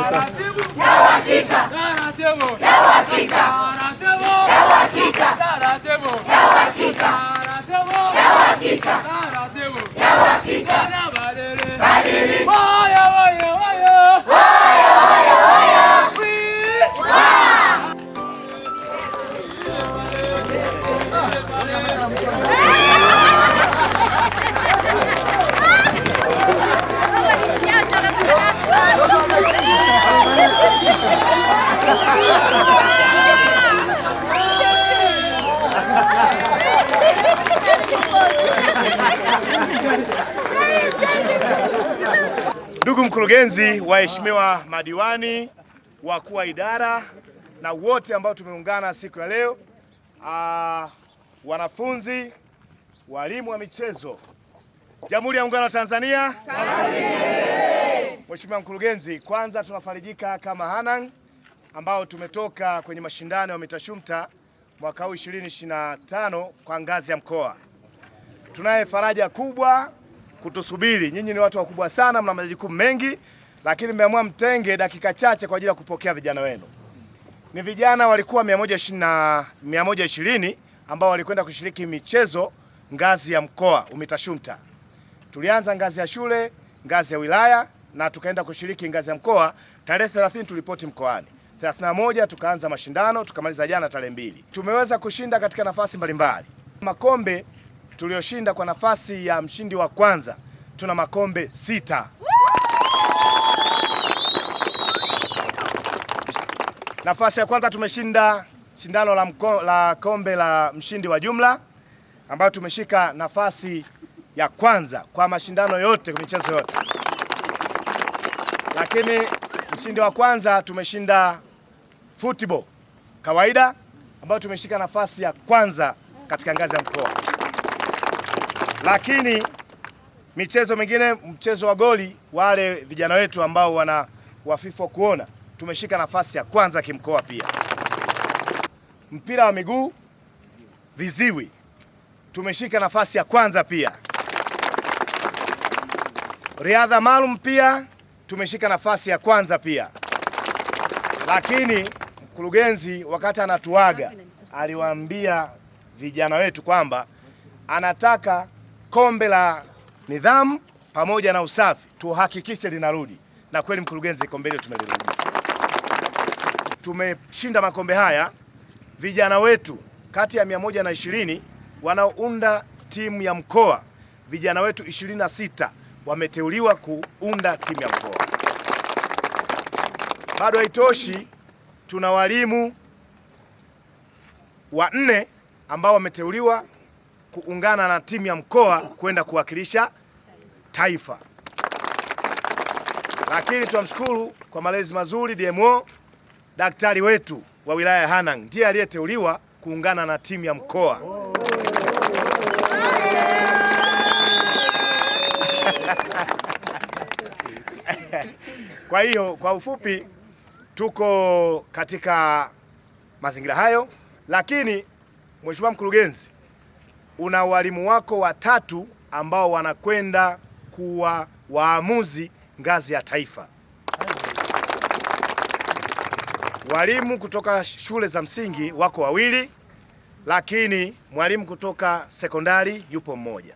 Taratibu! Ya uhakika! Taratibu! Ya uhakika! Taratibu! Ndugu mkurugenzi, waheshimiwa madiwani, wakuu wa idara na wote ambao tumeungana siku ya leo, uh, wanafunzi, walimu wa michezo, Jamhuri ya Muungano wa Tanzania. Mheshimiwa mkurugenzi, kwanza tunafarijika kama Hanang' ambao tumetoka kwenye mashindano ya Mitashumta mwaka huu 2025 kwa ngazi ya mkoa. Tunaye faraja kubwa kutusubiri. Nyinyi ni watu wakubwa sana, mna majukumu mengi, lakini mmeamua mtenge dakika chache kwa ajili ya kupokea vijana wenu. Ni vijana walikuwa 120 120 ambao walikwenda kushiriki michezo ngazi ya mkoa UMITASHUMTA. Tulianza ngazi ya shule, ngazi ya wilaya na tukaenda kushiriki ngazi ya mkoa. Tarehe 30 tulipoti mkoani. 31 tukaanza mashindano tukamaliza jana tarehe mbili. Tumeweza kushinda katika nafasi mbalimbali makombe tulioshinda kwa nafasi ya mshindi wa kwanza tuna makombe sita nafasi ya kwanza tumeshinda shindano la, mko, la kombe la mshindi wa jumla ambayo tumeshika nafasi ya kwanza kwa mashindano yote kwa michezo yote, lakini mshindi wa kwanza tumeshinda football kawaida ambayo tumeshika nafasi ya kwanza katika ngazi ya mkoa, lakini michezo mingine, mchezo wa goli, wale vijana wetu ambao wana wa FIFA kuona, tumeshika nafasi ya kwanza kimkoa. Pia mpira wa miguu viziwi, tumeshika nafasi ya kwanza pia. Riadha maalum pia tumeshika nafasi ya kwanza pia, lakini mkurugenzi wakati anatuaga aliwaambia vijana wetu kwamba anataka kombe la nidhamu pamoja na usafi tuhakikishe linarudi, na kweli mkurugenzi, kombe hilo tumelirudisha. Tumeshinda makombe haya, vijana wetu kati ya 120 wanaounda timu ya mkoa, vijana wetu 26 wameteuliwa kuunda timu ya mkoa. Bado haitoshi tuna walimu wanne ambao wameteuliwa kuungana na timu ya mkoa kwenda kuwakilisha taifa. Lakini tunamshukuru kwa malezi mazuri DMO daktari wetu wa wilaya ya Hanang' ndiye aliyeteuliwa kuungana na timu ya mkoa. Kwa hiyo kwa ufupi tuko katika mazingira hayo, lakini Mheshimiwa Mkurugenzi, una walimu wako watatu ambao wanakwenda kuwa waamuzi ngazi ya taifa, walimu kutoka shule za msingi wako wawili, lakini mwalimu kutoka sekondari yupo mmoja.